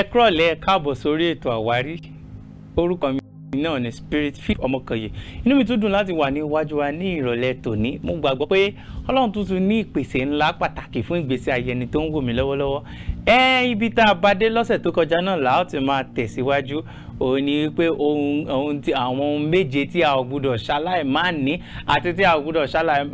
ẹ kúrọ̀lẹ́ ẹ káàbọ̀ sórí ètò àwárí orúkọ mi náà ni spirit fit ọmọkànyè inú mi tún dùn láti wà ní iwájú wa ní ìrọ̀lẹ́ tòní mo gbàgbọ́ pé ọlọ́run tuntun ní ìpèsè ńlá pàtàkì fún ìgbésí ayé ẹni tó ń wò mí lọ́wọ́lọ́wọ́ ẹ ibi tá a bá dé lọ́sẹ̀ tó kọjá náà làá ti máa tẹ̀síwájú òun ni pé ohun ohun tí àwọn ohun méje tí a ò gbúdọ̀ ṣaláì ní àti tí a ò gbúdọ̀ ṣaláì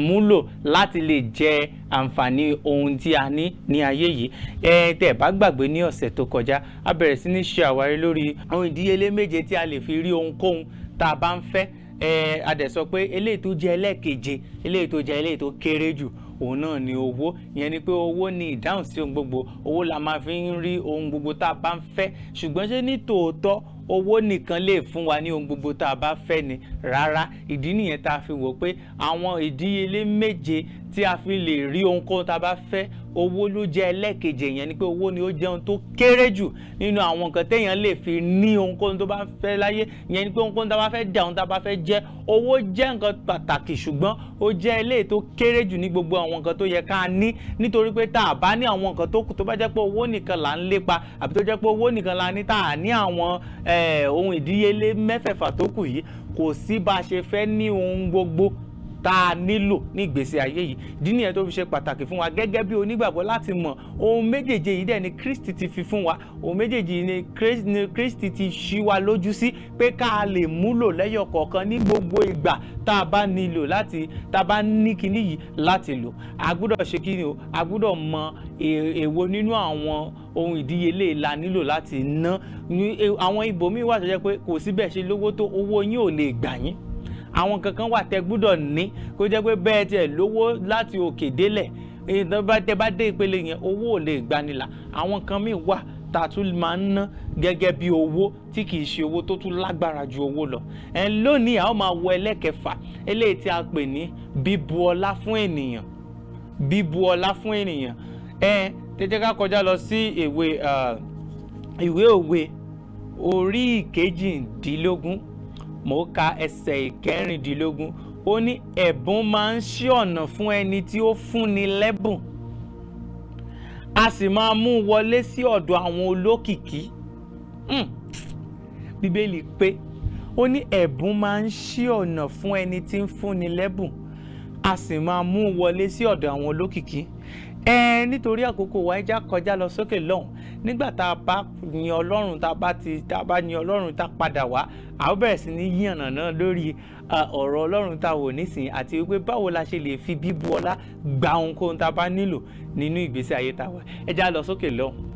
múlò láti lè jẹ àǹfààní ohun tí a ní ní ayé yìí ẹ tẹ́ bá gbàgbé ní ọ̀sẹ̀ tó kọjá a bẹ̀rẹ̀ sí ní ṣe àwárí lórí ohun ìdíyelé méje tí a lè fi rí ohunkóhun tá a bá ń fẹ́ ẹ a sọ pé eléyìí tó jẹ́ ẹlẹ́ẹ̀keje eléyìí tó jẹ́ eléyìí tó kéré jù òun náà ni owó ìyẹn ni pé owó ni ìdáhùn sí ohun gbogbo owó la máa fi ń rí ohun gbogbo tá a bá ń fẹ́ ṣùgbọ́n ṣé ní tòótọ́ owó nìkan lè fún wa ní ohun gbogbo tá a bá fẹ́ ni rárá ìdí nìyẹn tá a fi wò pé àwọn ìdíyelé méje tí a fi lè rí ohunkóhun tá a bá fẹ́ owó ló jẹ́ ẹlẹ́kejì èèyàn ni pé owó ni ó jẹun tó kéré jù nínú àwọn nǹkan téèyàn lè fi ní ohunkóhun tó bá fẹ́ láyé ìyẹn ni pé ohunkóhun tá a bá fẹ́ dà ohun tá a bá fẹ́ jẹ owó jẹ́ nǹkan pàtàkì ṣùgbọ́n ó jẹ́ eléyìí tó kéré jù ní gbogbo àwọn nǹkan tó yẹ ká ní nítorí pé tá a bá ní àwọn nǹkan tó kù tó bá jẹ́ pé owó nìkan là ń lépa àbí tó jẹ́ pé owó nìkan là ní tá a ní àwọn eh, ohun ìdíyelé mẹ́fẹ̀ẹ̀fà tó kù yìí kò sí bá a ṣe fẹ́ ní ohun gbogbo tá a nílò ní ìgbésí ayé yìí ìdí nìyẹn tó fi ṣe pàtàkì fún wa gẹ́gẹ́ bí onígbàgbọ́ láti mọ̀ ohun méjèèjì yìí dẹ̀ ni Kristi ti fi fún wa ohun méjèèjì ni Kristi ti ṣí wa lójú sí pé ká a lè múlò lẹ́yọ̀ kọ̀ọ̀kan ní gbogbo ìgbà tá a bá nílò láti tá a bá ní kinní yìí láti lò a gbúdọ̀ ṣe kí ni o a gbúdọ̀ mọ e, èwo nínú àwọn ohun ìdíyelé la nílò láti ná e, àwọn ibòmíì wà tó jẹ́ pé kò síbẹ̀ ṣe lówó tó owó yín ò lè gbà yín àwọn kankan wà tẹ́ gbúdọ̀ ní kó jẹ́ pé bẹ́ẹ̀ tiẹ̀ lówó láti òkè délẹ̀ tẹ́ bá dé ìpele yẹn owó ò lè gbanilà àwọn kan míì wà tá a tún máa ń ná gẹ́gẹ́ bí owó tí kì í ṣe owó tó tún lágbára ju owó lọ. ẹ̀ lónìí a ó máa wọ ẹlẹ́kẹfà eléyìí tí a pè ní bíbu ọlá fún ènìyàn bíbu ọlá fún ènìyàn ẹ tẹjẹ ká kọjá lọ sí ìwé òwe orí ìkejìdínlógún mò ń ka ẹsẹ̀ ìkẹrìndínlógún ó ní ẹ̀bùn máa ń ṣí ọ̀nà fún ẹni tí ó fúnni lẹ́bùn a sì máa mú wọlé sí ọ̀dọ̀ àwọn olókìkí hmm. bíbélì pé ó ní ẹ̀bùn máa ń ṣí ọ̀nà fún ẹni tí ń fúnni lẹ́bùn a sì máa mú wọlé sí ọ̀dọ̀ àwọn olókìkí ẹ nítorí àkókò wa ẹ já kọjá lọ sókè lọ́hùn nígbà tá a bá yin ọlọ́run tá a bá ti tá a bá yin ọlọ́run tá a padà wá a ó bẹ̀rẹ̀ sí ní yànnà náà lórí ọ̀rọ̀ ọlọ́run tá a wò nísìn àti wípé báwo la ṣe lè fi bíbu ọlá gba ohunkóhun tá a bá nílò nínú ìgbésí ayé tá a wà ẹ já lọ sókè lọ́hùn.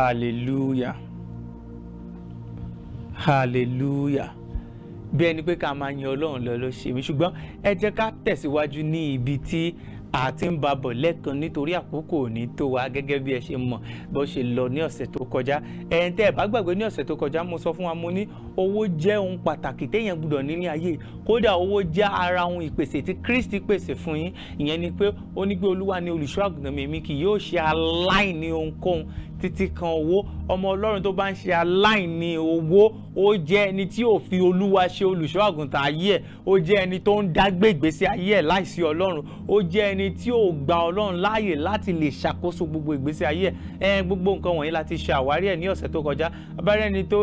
hallelujah hallelujah bí ẹni pé ká máa yin ọlọ́run lọ ló ṣe mí ṣùgbọ́n ẹ jẹ́ ká tẹ̀síwájú ní ibi tí a ti ń ba bọ̀ lẹ́ẹ̀kan nítorí àkókò òní tó wa gẹ́gẹ́ bí ẹ ṣe mọ̀ bó ṣe lọ ní ọ̀sẹ̀ tó kọjá ẹ̀ ń tẹ́ ẹ bá gbàgbé ní ọ̀sẹ̀ tó kọjá mo sọ fún wa mo ní owó jẹ́ ohun pàtàkì téèyàn gbúdọ̀ nílé ayé kódà owó jẹ́ ara ohun ìpèsè tí Kristi pèsè fún yín ìyẹn ni pé ó ní pé Olúwa ni olùṣọ́àgùntàn mi èmi kì yóò ṣe aláìní ohunkóhun títí kan owó ọmọ Ọlọ́run tó bá ń ṣe aláìní owó ó jẹ́ ẹni tí ò fi Olúwa ṣe olùṣọ́àgùntàn ayé ẹ̀ ó jẹ́ ẹni tó ń dágbé ìgbésí ayé ẹ̀ láìsí Ọlọ́run ó jẹ́ ẹni tí ò gba Ọlọ́run láàyè láti lè ṣàkóso gbogbo ìgbésí ayé ẹ̀ gbogbo nǹkan wọ̀nyí láti ṣe àwárí ẹ̀ ní ọ̀sẹ̀ tó kọjá abẹ́rẹ́ ẹni tó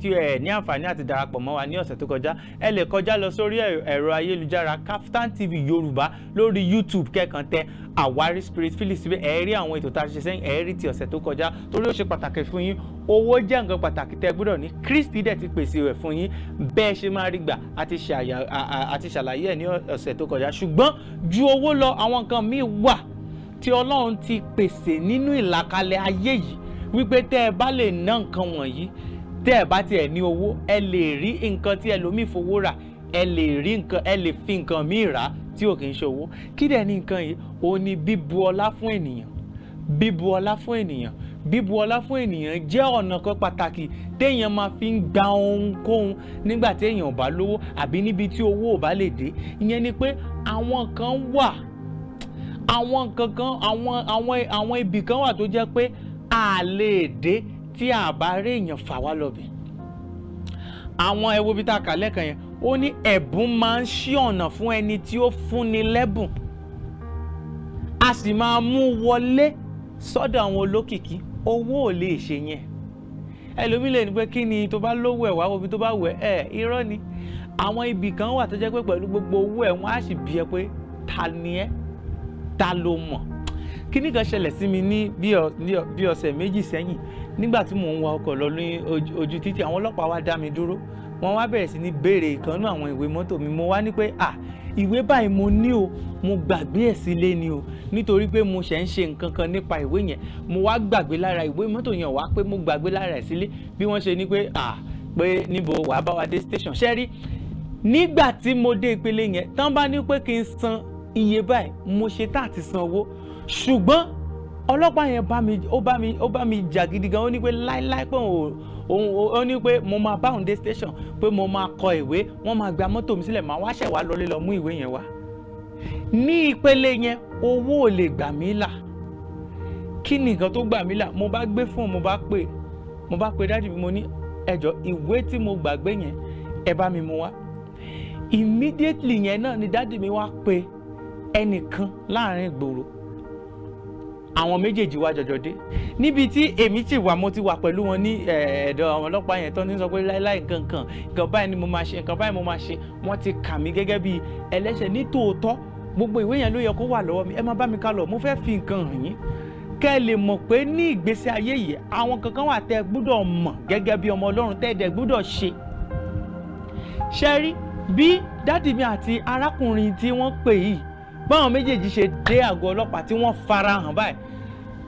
ti ẹ̀ ní àǹfààní láǹfààní àti darapọ̀ mọ́ wa ní ọ̀sẹ̀ tó kọjá ẹ lè kọjá lọ sórí ẹ̀rọ ayélujára Kaftan TV Yorùbá lórí YouTube kẹ́kàn tẹ àwárí spirit phillips síbẹ̀ ẹ rí àwọn ètò tá a ṣe sẹ́yìn ẹ rí ti ọ̀sẹ̀ tó kọjá torí ó ṣe pàtàkì fún yín owó jẹ́ nǹkan pàtàkì tẹ́ gbọ́dọ̀ ní Kristi dẹ̀ ti pèsè rẹ̀ fún yín bẹ́ẹ̀ ṣe máa rí gbà àti ṣàlàyé ẹ̀ ní ọ̀sẹ̀ tó kọjá ṣùgbọ́n ju owó lọ àwọn nǹkan míì wà tí Ọlọ́run ti pèsè nínú ìlàkalẹ̀ ayé yìí wípé tẹ́ ẹ bá lè ná nǹkan wọ̀nyí tẹ́ ẹ̀ bá tiẹ̀ ní owó ẹ lè rí nǹkan tí ẹlòmíì fowó rà ẹ lè rí nǹkan ẹ lè fi nǹkan míì rà tí ò kì í ṣe kí dẹ̀ ni nǹkan yìí ó ní bíbu ọlá fún ènìyàn bíbu ọlá fún ènìyàn bíbu ọlá fún ènìyàn jẹ́ ọ̀nà kan pàtàkì téèyàn máa fi ń gba ohunkóhun nígbà téèyàn ò bá lówó àbí níbi tí owó ò bá lè dé ìyẹn ni pé àwọn kan wà àwọn kankan àwọn àwọn àwọn ibì kan wà tó jẹ́ pé a dé tí àbárẹ́ èèyàn fà wá lọ́bẹ̀ àwọn ẹwo bíi tá a kà lẹ́kàn yẹn ó ní ẹ̀bùn máa ń ṣí ọ̀nà fún ẹni tí ó fúnni lẹ́bùn a sì máa mú wọlé sọ́dọ̀ àwọn olókìkí owó ò lè ṣe yẹn ẹlòmíì lè ní pé kí ni tó bá lówó ẹ̀ wá omi tó bá wẹ̀ ẹ̀ irọ́ ni àwọn ibì kan wà tó jẹ́ pé pẹ̀lú gbogbo owó ẹ̀ wọ́n á sì bi ẹ́ pé ta ni ẹ́ ta ló mọ̀ kíní kan ṣẹlẹ̀ sí mi ní bí ọ̀sẹ̀ méjì sẹ́yìn nígbà tí mò ń wa ọkọ̀ lọ ní ojú títì àwọn ọlọ́pàá wá dá mi dúró wọ́n wá bẹ̀rẹ̀ sí ní béèrè ìkànnú àwọn ìwé mọ́tò mi mo wá ní pé à ìwé báyìí mo ní o mo gbàgbé ẹ̀ sílé ni o nítorí pé mo ṣẹ̀ ń ṣe nǹkan kan nípa ìwé yẹn mo wá gbàgbé lára ìwé mọ́tò yẹn wá pé mo gbàgbé lára ẹ̀ sílé bí wọ́n ṣe ní pé à pé níbo wàá bá wa dé station ṣẹ́ rí nígbà tí mo dé ìpele yẹn tán bá ní pé kí n san iye báyìí mo ṣe tá àti san owó ṣùgbọ́n ọlọ́pàá yẹn bá mi ó bá mi ó bá mi jà gidi gan ó ní pé láíláí pé òun òun ó ní pé mo máa bá òun dé station pé mo máa kọ ìwé wọ́n máa gba mọ́tò mi sílẹ̀ máa wáṣẹ̀ wá lọlé lọ mú ìwé yẹn wá ní ìpele yẹn owó ò lè gbà mí là kí ni nǹkan tó gbà mí là mo bá gbé fún mo bá pè mo bá pè dáàdì mi mo ní ẹjọ́ ìwé tí mo gbàgbé yẹn ẹ bá mi mú wá immediately yẹn náà ni dáàdì mi wá pè ẹnìkan láàrin ìgboro àwọn méjèèjì wá jọjọ dé níbi tí èmi ti wà mo ti wà pẹ̀lú wọn ní ẹ̀ẹ́dọ̀ àwọn ọlọ́pàá yẹn tó ń sọ pé láíláí kankan nǹkan báyìí ni mo máa ṣe nǹkan báyìí mo máa ṣe wọ́n ti kà mí gẹ́gẹ́ bí ẹlẹ́ṣẹ̀ ní tòótọ́ gbogbo ìwé yẹn ló yẹ kó wà lọ́wọ́ mi ẹ má bá mi ká lọ mo fẹ́ fi nǹkan hàn yín kẹ́ ẹ lè mọ̀ pé ní ìgbésí ayé yìí àwọn kankan wà tẹ́ gbúdọ̀ mọ̀ gẹ́gẹ́ bí ọmọ Ọlọ́run tẹ́ ẹ̀dẹ̀ gbúdọ̀ ṣe ṣẹ́rí bí dádì àti arákùnrin tí wọ́n pè yìí báwọn méjèèjì ṣe dé àgọ́ ọlọ́pàá tí wọ́n fara hàn báyìí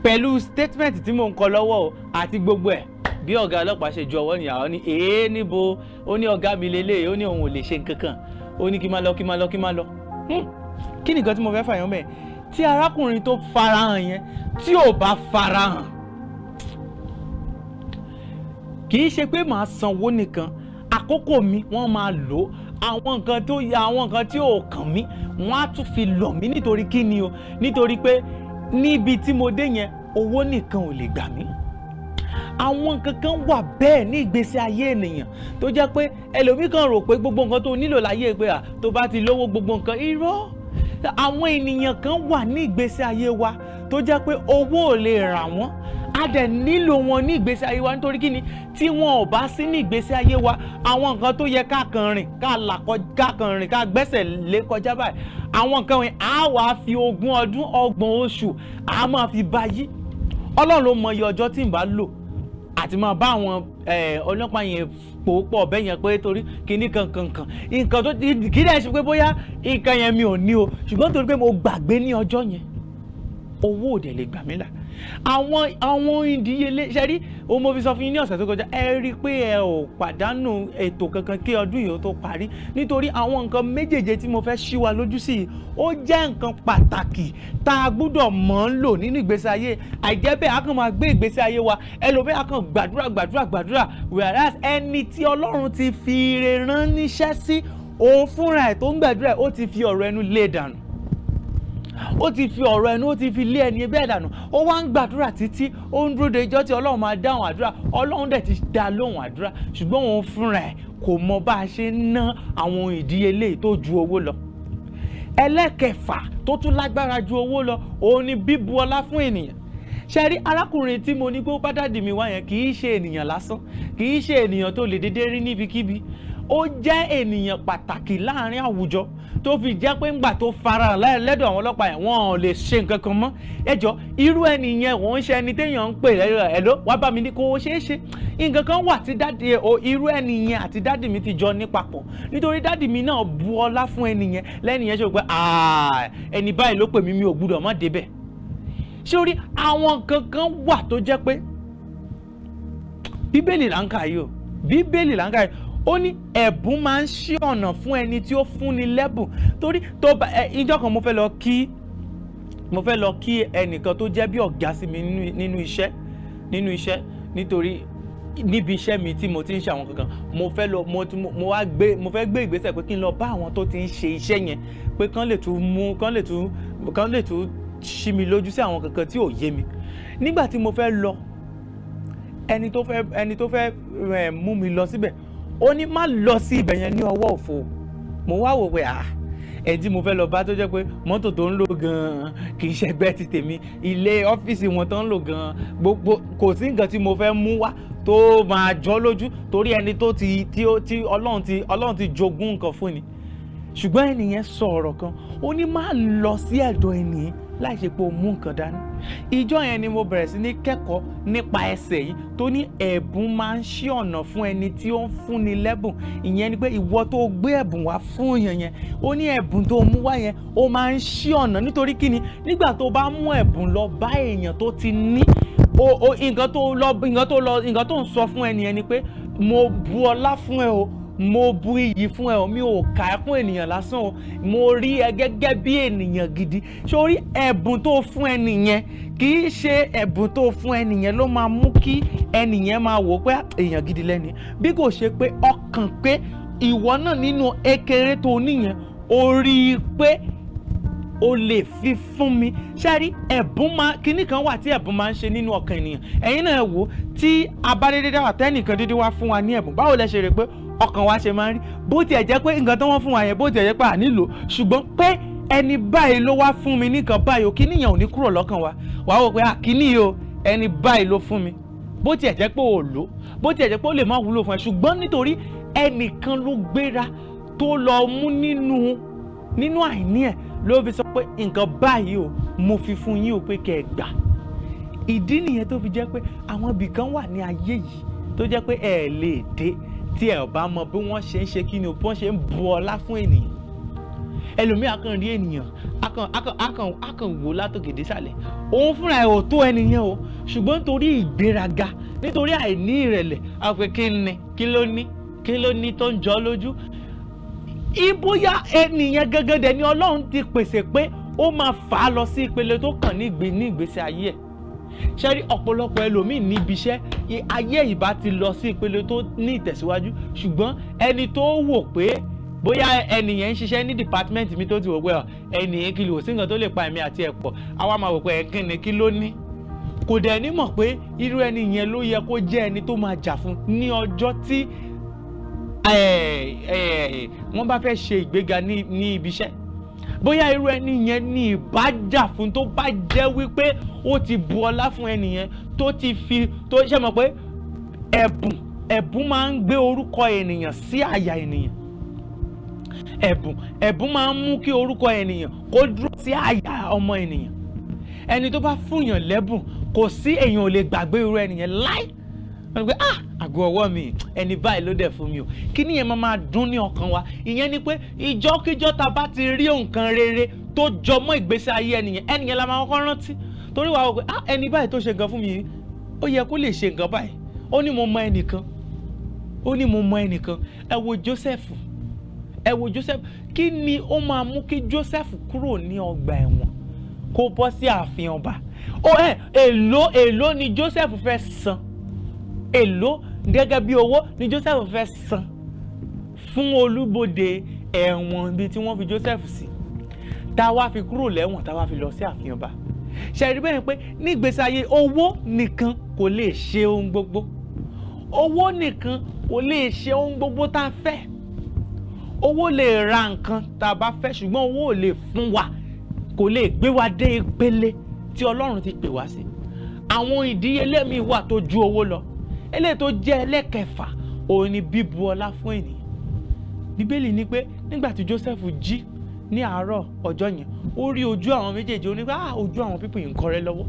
pẹ̀lú statement tí mò ń kọ lọ́wọ́ o àti gbogbo ẹ̀ bí ọ̀gá ọlọ́pàá ṣe ju ọwọ́ nìyà ó ní èé níbo ó ní ọ̀gá mi lélẹ̀ ó ní òun ò lè ṣe nǹkan kan ó ní kí má lọ kí má lọ kí má lọ. Hmm. kí nìkan tí mo fẹ́ fàyàn mẹ́ẹ̀ tí arákùnrin tó farahàn yẹn tí ò bá farahàn kì í ṣe pé màá sanwó nìkan àkókò mi wọ́n máa lò ó àwọn nǹkan tó yẹ àwọn nǹkan tí ò kàn mí wọ́n á tún fi lọ̀ mí nítorí kí ni o nítorí pé níbi tí mo dé yẹn owó nìkan ò lè gbà mí àwọn nǹkan kan wà bẹ́ẹ̀ ní ìgbésí ayé ènìyàn tó jẹ́ pé ẹlòmíì kan rò pé gbogbo nǹkan tó nílò láyé pé à tó bá ti lówó gbogbo nǹkan irọ́ àwọn ènìyàn kan wà ní ìgbésí ayé wa tó jẹ́ pé owó ò lè rà wọ́n a dẹ̀ nílò wọn ní ìgbésí ayé wa nítorí kíni tí wọn ò bá sí ní ìgbésí ayé wa àwọn nǹkan tó yẹ ká kàn rìn ká là ká kàn rìn ká gbẹ́sẹ̀ lé kọjá báyìí àwọn nǹkan wọn á wà á fi ogún ọdún ọgbọ̀n oṣù á máa fi bá yí ọlọ́run ló mọ iye ọjọ́ tí ń bá lò àti máa bá àwọn ọlọ́pàá yẹn pò bẹ́ẹ̀ yẹn pé torí kinní kankankan nǹkan tó kí dẹ̀ ṣe pé bóyá nǹkan yẹn mi ò ní o ṣùgbọ́n torí pé mo gbàgbé ní ọjọ́ yẹn owó òdẹ̀ lè gbà mí là àwọn àwọn ìdíyelé ṣe rí ohun mo fi sọ fún yín ní ọ̀sẹ̀ tó kọjá ẹ rí i pé ẹ ò pàdánù ètò kankan kí ọdún yìí ó tó parí nítorí àwọn nǹkan méjèèje tí mo fẹ́ ṣí wa lójú sí i ó jẹ́ nǹkan pàtàkì tá a gbúdọ̀ mọ̀ ń lò nínú ìgbésí ayé àìjẹ́ bẹ́ẹ̀ a kàn máa gbé ìgbésí ayé wa ẹlòmíràn kàn gbàdúrà gbàdúrà gbàdúrà whereas ẹni tí ọlọ́run ti fi ire rán níṣẹ́ sí òun fúnra ẹ̀ tó ń gbàdúrà ó ti fi ọ̀rọ̀ ẹnu lé dànù ó ti fi ọ̀rọ̀ ẹnu ó ti fi lé ẹni bẹ́ẹ̀ dànù ó wá ń gbàdúrà títí ó ń dúró de ìjọ́ tí ọlọ́run máa dáhùn àdúrà ọlọ́run dẹ̀ ti dá lóhùn àdúrà ṣùgbọ́n òun fúnra ẹ̀ kò mọ bá a ṣe ń ná àwọn ìdíyelé tó ju owó lọ ẹlẹ́kẹfà tó tún lágbára ju owó lọ òun ni bíbu ọlá fún ènìyàn ṣe rí arákùnrin tí mo ní kó bá dàdí mi wá yẹn kì í ṣe ènìyàn lásán kì í ṣe ènìyàn tó lè dédé rí níbikíbi ó jẹ́ ènìyàn pàtàkì láàrin àwùjọ tó fi jẹ́ pé ńgbà tó farahàn lẹ́dọ̀ àwọn ọlọ́pàá yẹn wọn ò lè ṣe nǹkan kan mọ́ ẹ jọ irú ẹnìyẹn wọn ń ṣe ẹni téèyàn ń pè lẹ́yìn ẹ̀ ló wá bá mi ní kó o ṣeé ṣe nǹkan kan wà tí dáàdì o irú ẹnìyẹn àti dáàdì mi ti jọ ní papọ̀ nítorí dáàdì mi náà bu ọlá fún ẹnìyẹn lẹ́nìyẹn ṣe pé ẹni báyìí ló pè mí mi ò gbúdọ̀ má débẹ̀ sórí àwọn kankan wà tó jẹ́ pé bíbélì là ń kà yìí o bíbélì là ń kà yìí ó ní ẹ̀bùn máa ń ṣí ọ̀nà fún ẹni tí ó fúnni lẹ́bùn torí tó bá ìjọ kan mo fẹ́ lọ kí mo fẹ́ lọ kí ẹnìkan tó jẹ́ bí ọ̀gá sí mi nínú iṣẹ́ nínú iṣẹ́ nítorí níbi iṣẹ́ mi tí mo ti ń ṣe àwọn kankan mo fẹ́ lọ mo wá gbé mo fẹ́ gbé ìgbésẹ̀ pé kí n lọ bá àwọn tó ti ń ṣe iṣẹ́ yẹn pé kán lè tún mú kán lè tún kán lè tún ṣí mi lójú sí àwọn kankan tí ò yé mi nígbà tí mo fẹ́ lọ ẹni tó fẹ́ ẹni tó fẹ́ mú mi lọ síbẹ̀ ó ní má lọ sí ibẹ̀ yẹn ní ọwọ́ òfo mo wá wò pé ah ẹ̀ tí mo fẹ́ lọ bá tó jẹ́ pé mọ́tò tó ń lò gan-an kì í ṣẹgbẹ́ ti tèmi ilé ọ́fíìsì wọn tó ń lò gan-an gbogbo kò sí nǹkan tí mo fẹ́ mú wá tó máa jọ lójú torí ẹni tó ti tí ó tí ọlọ́run ti ọlọ́run ti jogún nǹkan fún ni ṣùgbọ́n ẹnìyẹn sọ ọ̀rọ̀ kan ó ní má lọ sí ẹ̀dọ̀ ẹnìyẹn láì ṣe pé o mú nǹkan dání ìjọ yẹn ni mo bẹ̀rẹ̀ sí ní kẹ́kọ̀ọ́ nípa ẹsẹ̀ yìí tó ní ẹ̀bùn máa ń ṣí ọ̀nà fún ẹni tí ó ń fúnni lẹ́bùn ìyẹn ni pé ìwọ tó gbé ẹ̀bùn wá fún yẹn yẹn ó ní ẹ̀bùn tó mú wá yẹn ó máa ń ṣí ọ̀nà nítorí kíni nígbà tó bá mú ẹ̀bùn lọ bá èèyàn tó ti ní nǹkan tó ń sọ fún ẹnìyẹn ni pé mo bu ọlá fún ẹ o mo bu iyì fún ẹ e o mi ò kà á e kún ènìyàn lásán o mo rí ẹ e gẹ́gẹ́ bí ènìyàn gidi sórí ẹ̀bùn tó fún ẹni yẹn kì í ṣe ẹ̀bùn tó fún ẹni yẹn ló máa mú kí ẹni yẹn máa wò pé èèyàn ah, gidi lẹ́ni bí kò ṣe pé ọkàn pé ìwọ náà nínú ekere tó níyẹn o rí i pé o lè fi fún mi ṣáàrí ẹ̀bùn máa kinní kan wà tí ẹ̀bùn máa ń ṣe nínú ọkàn ènìyàn ẹ̀yin náà wò tí abádédé dáwà tẹ́nìkan dídí wá fún wa ní ẹ̀bùn báwo lẹ ṣe rè pé ọkàn wa ṣe máa ń rí bó tiẹ̀ jẹ́ pé nǹkan tó wọ́n fún wa yẹn bó tiẹ̀ jẹ́ pé à nílò ṣùgbọ́n pé ẹni báyìí ló wá fún mi nìkan báyìí o kíní yẹn ò ní kúrò lọ́kàn wa wàá wò pé à kíní yìí o ẹni báyìí ló fún mi bó tiẹ̀ jẹ́ pé ò lò bó tiẹ̀ jẹ́ pé ó lè má wúlò fún ẹ ṣùgbọ́n nítorí ẹnìkan ló gbéra tó lọ mú nínú nínú àìní ẹ̀ ló fi sọ pé nǹkan báyìí o mo fi fún yín o pé kẹ́ ẹ gbà ìdí nìyẹn tó fi jẹ́ pé àwọn ibìkan wà ní ayé yìí tó jẹ́ pé ẹ lè dé tí ẹ ò bá mọ bí wọ́n ṣe ń ṣe kí ni o bí wọ́n ṣe ń bu ọlá fún ènìyàn ẹlòmíì akàn rí ènìyàn akàn akàn akàn akàn wò látòkè désàlẹ̀ òun fúnra ẹ̀ ò tó ẹnìyẹn o ṣùgbọ́n nítorí ìgbéraga nítorí àìní ìrẹ̀lẹ̀ àpè kí ni kí ló ní kí ló ní tó ń jọ lójú ìbóyá ènìyàn gẹ́gẹ́ dẹ̀ ni Ọlọ́run ti pèsè pé ó máa fà á lọ sí ìpele tó kàn ní ìgbésí ayé ẹ̀ ṣẹ́rí ọ̀pọ̀lọpọ̀ ẹlòmíì níbi iṣẹ́ ayé ìbá ti lọ sí ìpele tó ní ìtẹ̀síwájú ṣùgbọ́n ẹni tó wò pé bóyá ẹnìyẹn ń ṣiṣẹ́ ní dìpátímẹ́ǹtì mi tó ti wò pé ẹnìyẹn kìlì ò sí nǹkan tó lè pa èmi àti ẹ̀pọ̀ àwa máa wò pé ẹ̀kín ni kí ló ní kò dẹ̀ ní mọ̀ pé irú ẹni yẹn ló yẹ kó jẹ́ ẹni tó máa jà fún ní ọjọ́ tí wọ́n bá fẹ́ ṣe ìgbéga ní ibi iṣẹ́ bóyá irú ẹni yẹn ni ìbájà fún tó bá jẹ́ wípé ó ti bu ọlá fún ẹni yẹn tó ti fi tó ṣe mọ̀ pé ẹ̀bùn ẹ̀bùn máa ń gbé orúkọ ènìyàn sí àyà ènìyàn ẹ̀bùn ẹ̀bùn máa ń mú kí orúkọ ènìyàn kó dúró sí àyà ọmọ ènìyàn ẹni tó bá fúnyàn lẹ́bùn kò sí èèyàn ò lè gbàgbé irú ẹni yẹn láì wọ́n pe ah àgọ́ ọwọ́ mi ẹni báyìí ló dẹ̀ fún mi o kí nìyẹn máa máa dún ní ọkàn wa ìyẹn ni pé ìjọ́kíjọ́ ta bá ti rí nǹkan rere tó jọmọ́ ìgbésí ayé ẹnìyẹn ẹnìyẹn la máa kọ́kọ́ rántí torí wàá wò pé ah ẹni báyìí tó ṣe nǹkan fún mi yìí ó yẹ kó lè ṣe nǹkan báyìí ó ní mo mọ ẹnìkan ó ní mo mọ ẹnìkan ẹ wo Joseph ẹ wo Joseph kí ni ó máa mú kí Joseph kúrò ní ọgbà ẹ̀wọ̀n kó bọ́ sí ààfin ọba ó ẹ èló èló ni Joseph fẹ́ san èló gẹ́gẹ́ bí owó ni Joseph fẹ́ san fún olúbodè ẹ̀wọ̀n ibi tí wọ́n fi Joseph sí tá a wá fi kúrò lẹ́wọ̀n tá a wá fi lọ sí ààfin ọba ṣẹ̀rí bẹ́ẹ̀ pé ní ìgbésí ayé owó nìkan kò lè ṣe ohun gbogbo owó nìkan kò lè ṣe ohun gbogbo tá a fẹ́ owó lè ra nǹkan tá a bá fẹ́ ṣùgbọ́n owó ò lè fún wa kò lè gbé wa dé ìpele tí Ọlọ́run ti pè wá sí àwọn ìdíyelé mi wà tó ju owó lọ eléyìí tó jẹ́ ẹlẹ́kẹfà òun ni bíbu ọlá fún ènìyàn bíbélì ni pé nígbà tí Joseph jí ní àárọ̀ ọjọ́ yẹn ó rí ojú àwọn méjèèjì ó ní pé ah ojú àwọn pípìn yìí ń kọrẹ́ lọ́wọ́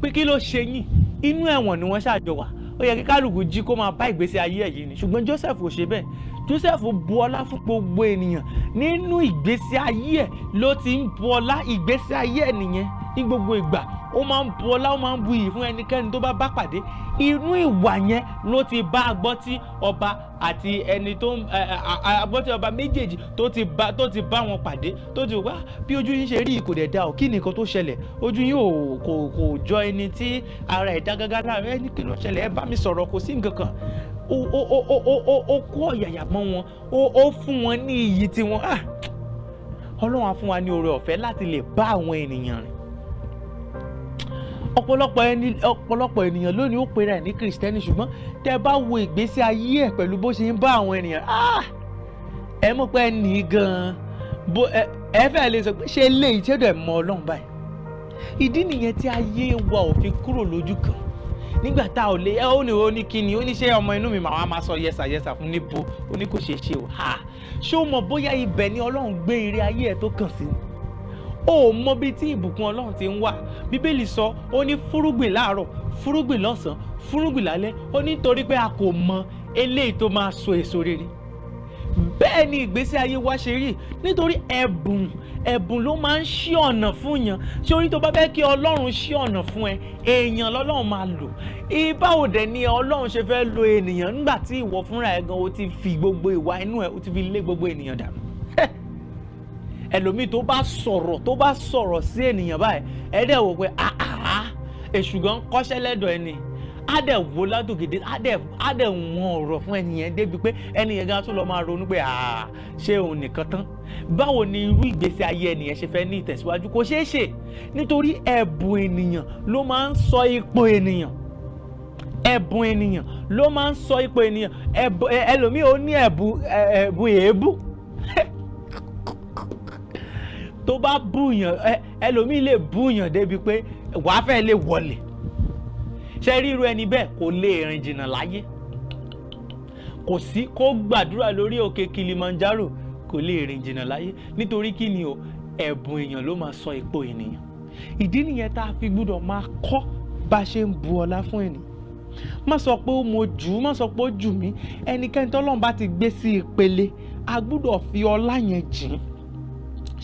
pé kí ló ṣe yín inú ẹ̀wọ̀n ni wọ́n ṣàjọ wà ó yẹ kí kálukú jí kó máa bá ìgbésí ayé ẹ̀ yìí ni ṣùgbọ́n Joseph ò ṣe bẹ́ẹ̀ Joseph bu ọlá fún gbogbo ènìyàn nínú ìgbésí ayé ẹ̀ ló ti ń bu ọlá ìgbésí ayé ẹ̀ nìyẹn ní gbogbo ìgbà ó máa ń bu ọlá ó máa ń bu iyì fún ẹnikẹ́ni tó bá bá pàdé inú ìwà yẹn ló ti bá agbọ́tí ọba àti ẹni tó agbọ́tí ọba méjèèjì tó ti bá wọn pàdé tó ti wá bí ojú yín ṣe rí kò dẹ̀ da ò kí nìkan tó ṣẹlẹ̀ ojú yín kò kò jọ ẹni tí ara ẹ̀ dá gágá láàrin ẹni kí ló ṣẹlẹ̀ ẹ bá mi sọ̀rọ̀ kò sí nǹkan kan ó kó ọ̀yàyà mọ́ wọn ó fún wọn ní iyì tiwọn ah! ọlọ́run á fún wa ní oore ọ̀fẹ́ láti lè bá àwọn ènìyàn rìn ọ̀pọ̀lọpọ̀ ẹni ọ̀pọ̀lọpọ̀ ènìyàn lónìí ó pera ẹ̀ ní kìrìsìtẹ́nì ṣùgbọ́n tẹ́ ẹ bá wo ìgbésí ayé ẹ̀ pẹ̀lú bó ṣe ń bá àwọn ènìyàn ah! ẹ mọ̀ pé ẹ nì í gan-an bó ẹ fẹ́ lè sọ pé ṣé eléyìí tí ó dẹ̀ mọ báyìí ìdí nìyẹn tí ayé wa ò fi kúrò lójú kan nígbà tá ò lè ẹ ó ní ó ní kíni ó ní ṣé ọmọ inú mi màá máa sọ yẹsà yẹsà fún níbo ó ní kò ṣeé ṣe o ṣé o mọ̀ bóyá ibẹ̀ ni ọlọ́run gbé ire ayé ẹ tó kàn sí ni o ò mọ bíi tí ìbùkún ọlọ́run ti ń wà bíbélì sọ ó ní fúrúgbìn láàárọ̀ fúrúgbìn lọ́sàn-án fúrúgbìn lálẹ́ ó ní torí pé a kò mọ eléyìí tó máa so èso rere bẹ́ẹ̀ ni ìgbésí ayé wa ṣe rí nítorí ẹ̀bùn ẹ̀bùn ló máa ń ṣí ọ̀nà fún yàn ṣé orí tó bá fẹ́ kí ọlọ́run ṣí ọ̀nà fún ẹ èèyàn lọ́lọ́run máa lò ibà ò dẹ̀ ni ọlọ́run ṣe fẹ́ lo ènìyàn nígbà tí ìwọ fúnra ẹ̀ gan o ti fi gbogbo ìwà inú ẹ o ti fi lé gbogbo ènìyàn dànù ẹlòmíì tó bá sọ̀rọ̀ tó bá sọ̀rọ̀ sí ènìyàn báyìí ẹ dẹ̀ wò pé àhàhà ah, ah, ah, èṣù gan kọ́ṣẹ́ lẹ́dọ̀ ẹni á dẹ̀ wo ládùgìdì á dẹ̀ á dẹ̀ wọn ọ̀rọ̀ fún ẹnìyẹn débi pé ẹnìyẹn gan tún lọ máa ronú pé àhà ṣé òun nìkan tán báwo ni irú ìgbésí ayé ẹnìyẹn ṣe fẹ́ ní ìtẹ̀síwájú kò ṣeé ṣe nítorí ẹ̀bùn ènìyàn ló máa ń sọ ipò ènìyàn ẹ̀bùn ènìyàn ló máa ń sọ ipò ènìyàn ẹlòmíì ó ní ẹ̀bùn èébú tó bá búyàn ẹlòmíì lè búyàn débi pé wàá fẹ́ lè wọlé ṣe ríru ẹni bẹ́ẹ̀ kò lè rìn jìnnà láyé kò sí kó gbàdúrà lórí òkè Kilimanjaro kò lè rìn jìnnà láyé nítorí kí ni o ẹ̀bùn èèyàn ló máa sọ ipò ènìyàn ìdí nìyẹn tá a fi gbúdọ̀ máa kọ́ bá a ṣe ń bu ọlá fún ènìyàn má sọ pé mo jù ú má sọ pé ó jù mí ẹnikẹ́ni tọ́lọ́run bá ti gbé sí ìpele a gbúdọ̀ fi ọlá yẹn jìn ín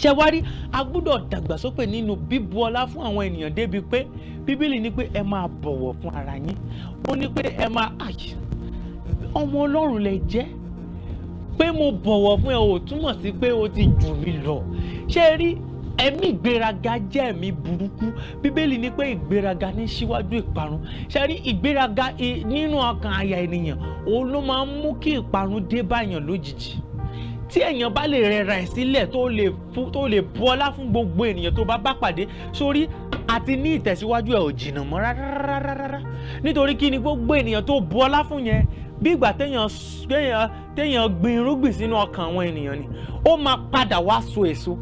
ṣe wá rí a gbọ́dọ̀ dàgbàsókè nínú bíbu ọlá fún àwọn ènìyàn débi pé bíbélì ní pé ẹ máa bọ̀wọ̀ fún ara yín ó ní pé ẹ máa ọmọ ọlọ́run lẹ jẹ́ pé mo bọ̀wọ̀ fún ẹ ò túmọ̀ sí pé o ti jù mí lọ ṣé ẹ rí ẹ̀mí ìgbéraga jẹ́ ẹ̀mí burúkú bíbélì ní pé ìgbéraga ní síwájú ìparun ṣé ẹ rí ìgbéraga nínú ọkàn àyà ènìyàn òun ló máa ń mú kí ìparun dé báyàn lójijì tí èèyàn bá lè rẹra ẹ̀ sílẹ̀ tó lè tó lè bu ọlá fún gbogbo ènìyàn tó bá bá pàdé sórí àti ní ìtẹ̀síwájú ẹ̀ ò jìnnà mọ́ rárárárá nítorí kí ni gbogbo ènìyàn tó bu ọlá fún yẹn bí ìgbà téèyàn téèyàn téèyàn gbin irúgbìn sínú ọkàn àwọn ènìyàn ni ó máa padà wá so èso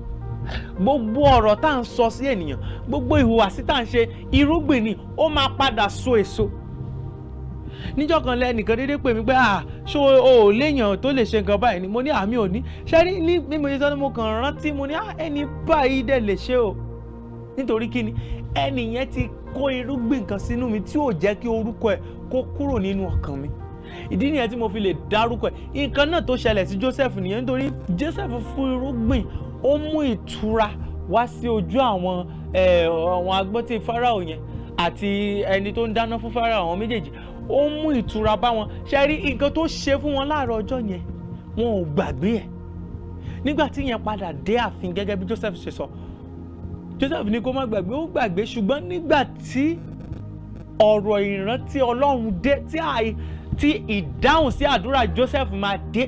gbogbo ọ̀rọ̀ tá à ń sọ sí ènìyàn gbogbo ìhùwàsí tá à ń ṣe irúgbìn ni ó máa padà so èso níjọ́ kan lẹ́nìkan déédéé pè mí pé à ṣó o ò léèyàn tó lè ṣe nǹkan báyìí ni mo ní àmì òní ṣe rí ní bí mo ṣe sọ ni mo kàn rántí mo ní ẹni báyìí dẹ̀ lè ṣe o nítorí kíni ẹni yẹn ti kó irúgbìn kan sínú mi tí ò jẹ́ kí orúkọ ẹ̀ kó kúrò nínú ọkàn mi ìdí nìyẹn tí mo fi lè dárúkọ ẹ̀ nǹkan náà tó ṣẹlẹ̀ sí Joseph nìyẹn nítorí Joseph fún irúgbìn ó mú ìtura wá sí ojú àwọn eh, àwọn agbọ́n tí Fáráò yẹn àti ẹni tó ń dáná fún Fáráò àwọn méjèèjì ó ń mú ìtura bá wọn ṣe rí nǹkan tó ṣe fún wọn láàárọ̀ ọjọ́ yẹn wọn ò gbàgbé ẹ̀ nígbà tí yẹn padà dé ààfin gẹ́gẹ́ bí Joseph ṣe sọ Joseph ní kó má gbàgbé ó gbàgbé ṣùgbọ́n nígbà tí ọ̀rọ̀ ìrántí Ọlọ́run dé tí àì tí ìdáhùn sí àdúrà Joseph máa dé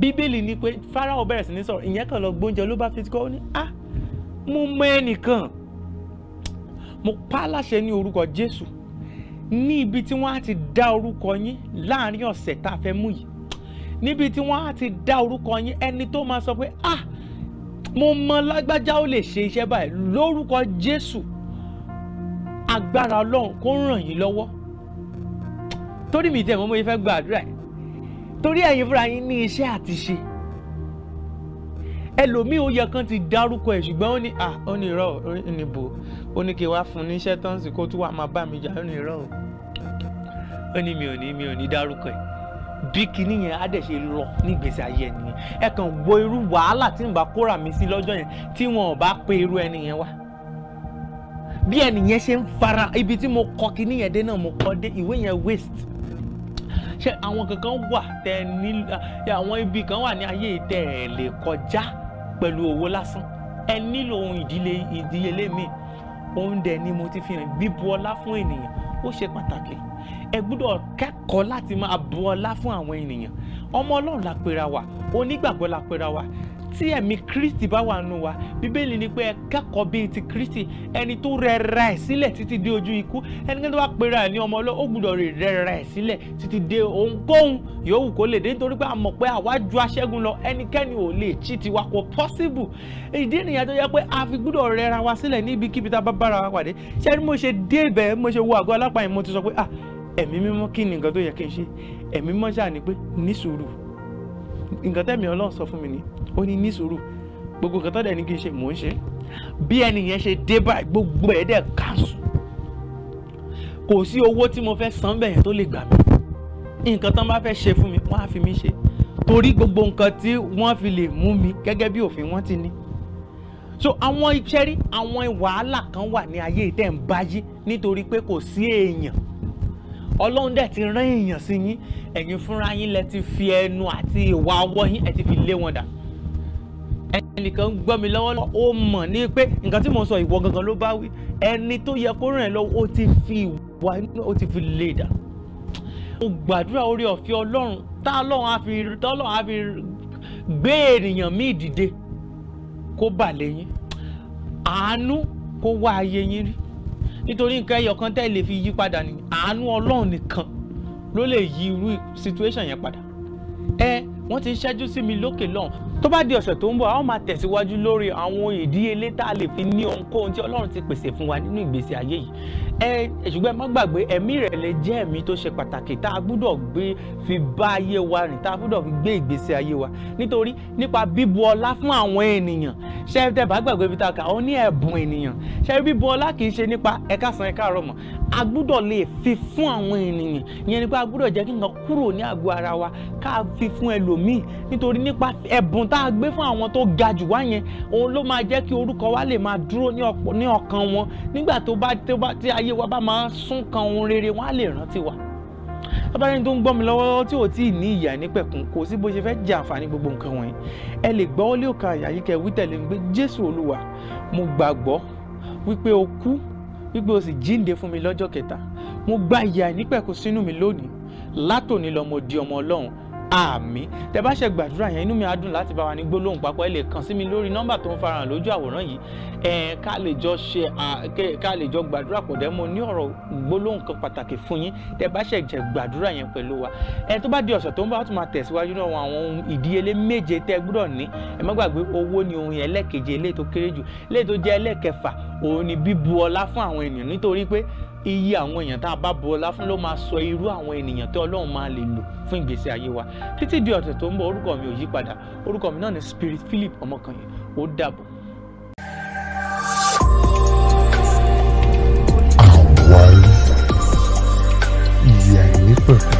bíbélì ni pé Fáráò bẹ̀rẹ̀ sí ní sọ̀rọ̀ ìyẹn kan lọ gbóúnjẹ ló bá fi kọ́ ó ní ah mo mọ ẹnìkan mo pa á láṣẹ ní orúkọ Jésù ní ibi tí wọ́n á ti dá orúkọ yín láàrin ọ̀sẹ̀ tá a fẹ́ mú yìí níbi tí wọ́n á ti dá orúkọ yín ẹni tó máa sọ pé ah mo mọ lágbájá ó lè ṣe iṣẹ́ báyìí lórúkọ Jésù agbára Ọlọ́run kó ràn yín lọ́wọ́ torí mi tẹ̀ mọ́ mo fẹ́ gbàdúrà torí ẹ̀yin fúnra yín ní iṣẹ́ àti ṣe ẹlòmíì ó yẹ kán ti dárúkọ ẹ̀ ṣùgbọ́n ó ní à ó ní irọ́ ó ní bò ó ní kí wá fún níṣẹ́ tán sí kó tún wá máa bá mi jà ó ní irọ́ o ó ní mi ò ní mi ò ní dárúkọ ẹ̀ bí kinní yẹn á dẹ̀ ṣe lọ nígbèsè ayé ẹni yẹn ẹ kàn wo irú wàhálà tí n bá kóra mi sí lọ́jọ́ yẹn tí wọn ò bá pe irú ẹni yẹn wá bí ẹni yẹn ṣe ń fara ibi tí mo kọ kinní yẹn dé náà mo kọ dé ìwé yẹn waste ṣe àwọn kankan wà tẹ ní àwọn ibi kan wà ní ayé tẹ ẹ lè kọjá pẹ̀lú owó lásán ẹ nílò ohun ìdílé ìdíyelé mi òun dẹ̀ ni mo ti fi hàn bíbu ọlá fún ènìyàn ó ṣe pàtàkì ẹ gbọ́dọ̀ kẹ́kọ̀ọ́ láti máa bu ọlá fún àwọn ènìyàn ọmọ ọlọ́run la pera wa onígbàgbọ́ la pera wa tí ẹ̀mí Kristi bá wà nù wá bíbélì ni pé ẹ kẹ́kọ̀ọ́ bíi ti Kristi ẹni tó rẹra ẹ̀ sílẹ̀ títí dé ojú ikú ẹnikẹ́ni tó bá pera ẹ̀ ní ọmọ ọlọ́ ó gbúdọ̀ rè rẹra ẹ̀ sílẹ̀ títí dé ohunkóhun yòówù kó lè dé nítorí pé a mọ̀ pé àwa ju aṣẹ́gun lọ ẹnikẹ́ni ò lè chí tiwa kò possible ìdí nìyẹn tó yẹ pé a fi gbúdọ̀ rẹra wa sílẹ̀ níbikíbi tá a bá bára wa pàdé ṣé ẹni mo ṣe dé ibẹ̀ mo ṣe wo àgọ́ alápá yẹn mo ti sọ pé ah ẹ̀mí mímọ́ kí ni nǹkan tó yẹ kí n ṣe ẹ̀mí mímọ́ ṣáà ni pé ní sùúrù nǹkan tẹ́mi ọlọ́run sọ fún mi ni ó ní ní sùúrù gbogbo nǹkan tó dẹ̀ ní kí n ṣe mò ń ṣe bí ẹni yẹn ṣe dé báyìí gbogbo ẹ̀ dẹ̀ kánṣu kò sí owó tí mo fẹ́ san bẹ̀yẹn tó lè gbà mí nǹkan tán bá fẹ́ ṣe fún mi wọ́n á fi mí ṣe torí gbogbo nǹkan tí wọ́n fi lè mú mi gẹ́gẹ́ bí òfin wọ́n ti ní so àwọn ìṣẹ́rí àwọn wàhálà kan wà ní ayé ìtẹ̀ ń báyé nítorí pé kò sí èèyàn ọlọ́run dẹ̀ ti rán èèyàn sí yín ẹ̀yin fúnra yín lẹ ti fi ẹnu àti ìwà ọwọ́ yín ẹ ti fi lé wọn dà ẹnìkan gbọ́ mi lọ́wọ́ ó mọ̀ ní pé nǹkan tí mo sọ ìwọ gangan ló bá wí ẹni tó yẹ kó ràn ẹ́ lọ́wọ́ ó ti fi ìwà inú ó ti fi lé dà mo gbàdúrà orí ọ̀fẹ́ ọlọ́run tá ọlọ́run á fi tá ọlọ́run á fi gbé ènìyàn míì dìde kó bà lẹ́yìn àánú kó wá ayé yín rí nítorí nǹkan ẹyọkan tẹ́ lè fi yí padà ní àánú ọlọ́run nìkan ló lè yí irú situation yẹn padà ẹ wọ́n ti ń ṣẹ́jú sí mi lókè lọ́hùn tó bá di ọ̀sẹ̀ tó ń bọ̀ a ó máa tẹ̀síwájú lórí àwọn ìdíyelé tá a lè fi ní ohunkóhun tí ọlọ́run ti pèsè fún wa nínú ìgbésí ayé yìí ẹ ṣùgbọ́n ẹ má gbàgbé ẹ̀mí ìrẹ̀lẹ̀ jẹ́ ẹ̀mí tó ṣe pàtàkì tá a gbúdọ̀ gbé fi bá ayé wa rìn tá a gbúdọ̀ fi gbé ìgbésí ayé wa nítorí nípa bíbu ọlá fún àwọn ènìyàn ṣe é tẹ́ bá gbàgbé ibi tá a kà ó ní ẹ̀bùn ènìyàn ṣe é bíbu ọlá kì í ṣe nípa ẹ̀ka san ẹ̀ka rọ̀ a gbúdọ̀ lè fi fún àwọn ènìyàn ìyẹn ni pé a gbúdọ̀ jẹ́ kí nǹkan kúrò ní àgọ́ ara wa ká fi fún ẹlò ẹlòmíì nítorí nípa ẹ̀bùn tá a gbé fún àwọn tó ga jù wá yẹn òun ló máa jẹ́ kí orúkọ wa lè máa dúró ní ọkàn wọn nígbà tó bá tí ayé wa bá máa sún kan ohun rere wọn á lè rántí wa abáyẹn tó ń gbọ́ mi lọ́wọ́ tí ò tí ì ní ìyá ní pẹ̀kun kò sí bó ṣe fẹ́ jẹ àǹfààní gbogbo nǹkan wọ̀nyí ẹ lè gbọ́ ó lé òkà àyà wí tẹ̀lé mi pé jésù olúwa mo gbàgbọ́ wípé o kú wípé o sì jíǹde fún mi lọ́jọ́ kẹta mo gba ìyá ní pẹ̀kun sínú mi lónìí látòní lọ ọmọ ọlọ́run àmín tẹ bá ṣe gbàdúrà yẹn inú mi á dùn láti bá wa ní gbólóhùn papọ̀ ẹ lè kàn sí mi lórí nọ́mbà tó ń farahàn lójú àwòrán yìí ẹ ká lè jọ ṣe ká lè jọ gbàdúrà pọ̀ dẹ́ mo ní ọ̀rọ̀ gbólóhùn kan pàtàkì fún yín tẹ bá ṣe jẹ gbàdúrà yẹn pẹ̀lú wa ẹ tó bá di ọ̀sẹ̀ tó ń bá tún máa tẹ̀síwájú náà àwọn ohun ìdíyelé méje tẹ gbúdọ̀ ní ẹ má gbàgbé owó ni ohun yẹn ẹlẹ́keje eléyìí tó kéré jù eléyìí tó jẹ́ ẹlẹ́kẹfà òun ni bíbu ọlá fún àwọn ènìyàn nítorí pé iye àwọn èèyàn tá a bá bu ọlá fún ló máa sọ irú àwọn ènìyàn tí ọlọ́run máa lè lò fún ìgbésí ayé wa títí di ọ̀tẹ̀ tó ń bọ̀ orúkọ mi ò yí padà orúkọ mi náà ni Spirit Philip Ọmọkànyìn ó dàbọ̀. àwọn ìyá ìnípẹ̀kọ̀.